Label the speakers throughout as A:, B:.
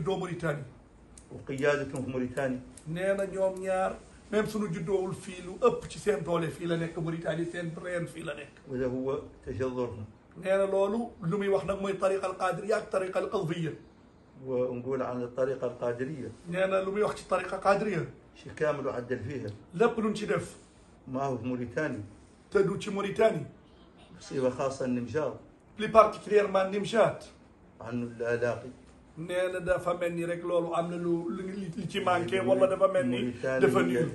A: juddoo Mauritanie. wa qiyaadatum fi Mauritanie. nee na ñoom ñaar même suñu juddoowul fii lu ëpp ci seen doole fii la nekk Mauritanie seen reen fii la nekk. wala huwa tajaddurhum. nee na loolu lu muy wax nag mooy tariqa al qadiriya ak tariqa al qalbiya. wa nqul an tariqa al qadiriya. nee na lu muy wax ci tariqa qadiriya. شيء كامل وعدل فيها لا نمشي دف ما هو في موريتاني تدو شي موريتاني مصيبة خاصة النمجات بلي بارتيكلير ما النمجات عنه لا لاقي nee na dafa mel ni rek loolu am na lu li ci manqué wala dafa mel ni dafa niu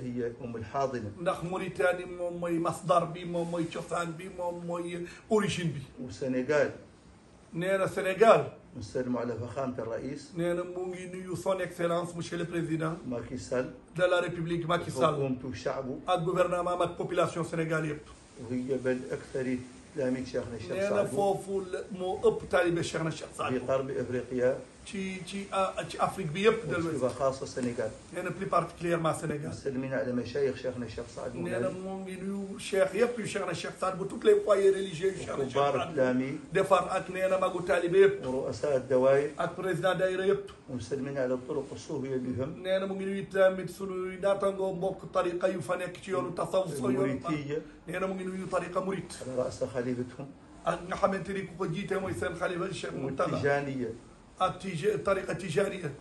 A: ndax Mauritanie moom mooy masdar bi moom mooy cosaan bi moom mooy origine bi Sénégal nee na Sénégal نسلم على فخامة الرئيس نانا مونغي نيو سون اكسلانس مسيو لو بريزيدان ماكي سال دا لا ريبوبليك ماكي سال حكومته وشعبه الغوفرنمون مع البوبولاسيون سينيغاليب وهي بل اكثر تلاميذ شيخنا الشيخ سعد نانا فوفو مو اب تالي بشيخنا الشيخ سعد في غرب افريقيا ci ci ci Afrique bi yëpp. dellu si waaw Sénégal. nee na plus particulièrement Sénégal. salmina ala mashayikh Cheikhna Cheikh Saad Bou. nee na mu ngi nuyu cheikh yëpp yu Cheikhna Cheikh Saad Bou tous les foyers religieux yu Cheikhna Cheikh Saad Bou. defar ak nee na magu taalibe yëpp. ru'asa dawaayir. ak président daayira yëpp. salmina ala turuq suufiya bihim. nee na mu ngi nuyu tamit sunu naataangoo mbokk tariqa yu fa nekk ci yoonu tasawuf. muritiyya nee na mu ngi nuyu tariqa murit. ala ra'sa xalifatihum. ak nga xamante ni ku ko jiite mooy seen xalifa Cheikh Mountakha. الطريقه التجاريه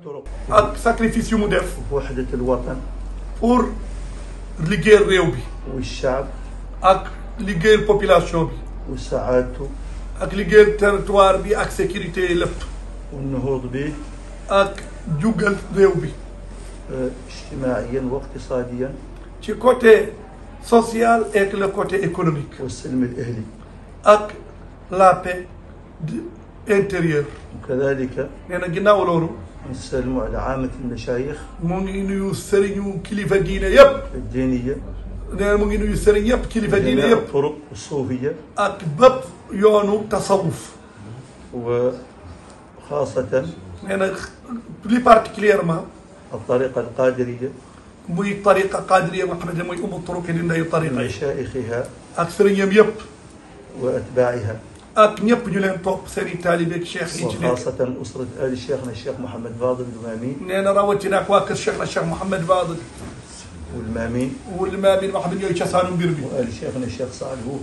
A: بطرق ak sacrifice yu mu def وحده الوطن pour liggéeyal réew bi والشعب ak liggéeyal population bi وساعاته ak liggéeyal territoire bi ak sécurité yi lépp والنهوض به ak jugal réew bi اجتماعيا euh, واقتصاديا ci côté social et le côté économique والسلم الأهلي ak la paix di intérieur. kadalika. nee na ginnaaw loolu. nusallimu ala aamati mashaayix. mu ngi nuyu sëriñu kilifa diine yëpp. diiniya. nee na mu ngi nuyu sëriñ yëpp kilifa diine yëpp. turuq suufiya. ak bépp yoonu tasawuf. wa xaasatan. nee na plus particulièrement. atariqa alqaadiriya. muy tariqa qaadiriya nga xamante ne mooy umu turuq di ndeyu tariqa yi. mashaayixha. ak sëriñam yëpp. wa atbaa'iha. ak ñëpp ñu leen topp seen i taalibeeg cheikh yi ci nekk xaasatan usrat ali cheikh na cheikh Mouhamed Fadel Mamin nee na rawatina ak waa kër cheikh na cheikh Mouhamed Fadel wul Mamin wul Mamin wax nañ ñooy cosaanu mbir bi ali cheikh na cheikh Saad Bou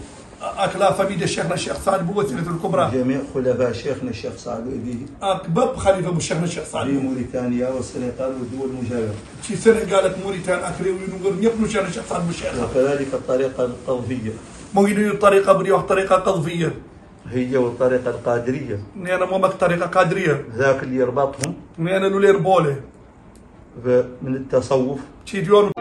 A: ak la famille de cheikh na cheikh Saad Bou wasilatul kubra jami xulafa cheikh na cheikh Saad Bou bi ak bépp xalifa bu cheikh na cheikh Saad Bou Mauritania wa Sénégal wa duwal mujawira ci Sénégal ak Mauritanie ak réew yu nu ngër ñëpp nu cheikh na cheikh Saad Bou cheikh wa kadalika tariqa al qadwiya moo ngi nuyu tariqa bu ñuy wax tariqa qadwiya هي والطريقة القادرية nee na moom ak tariqa qadriya ذاك اللي يربطهم nee na lu leen boole من التصوف ci yoonu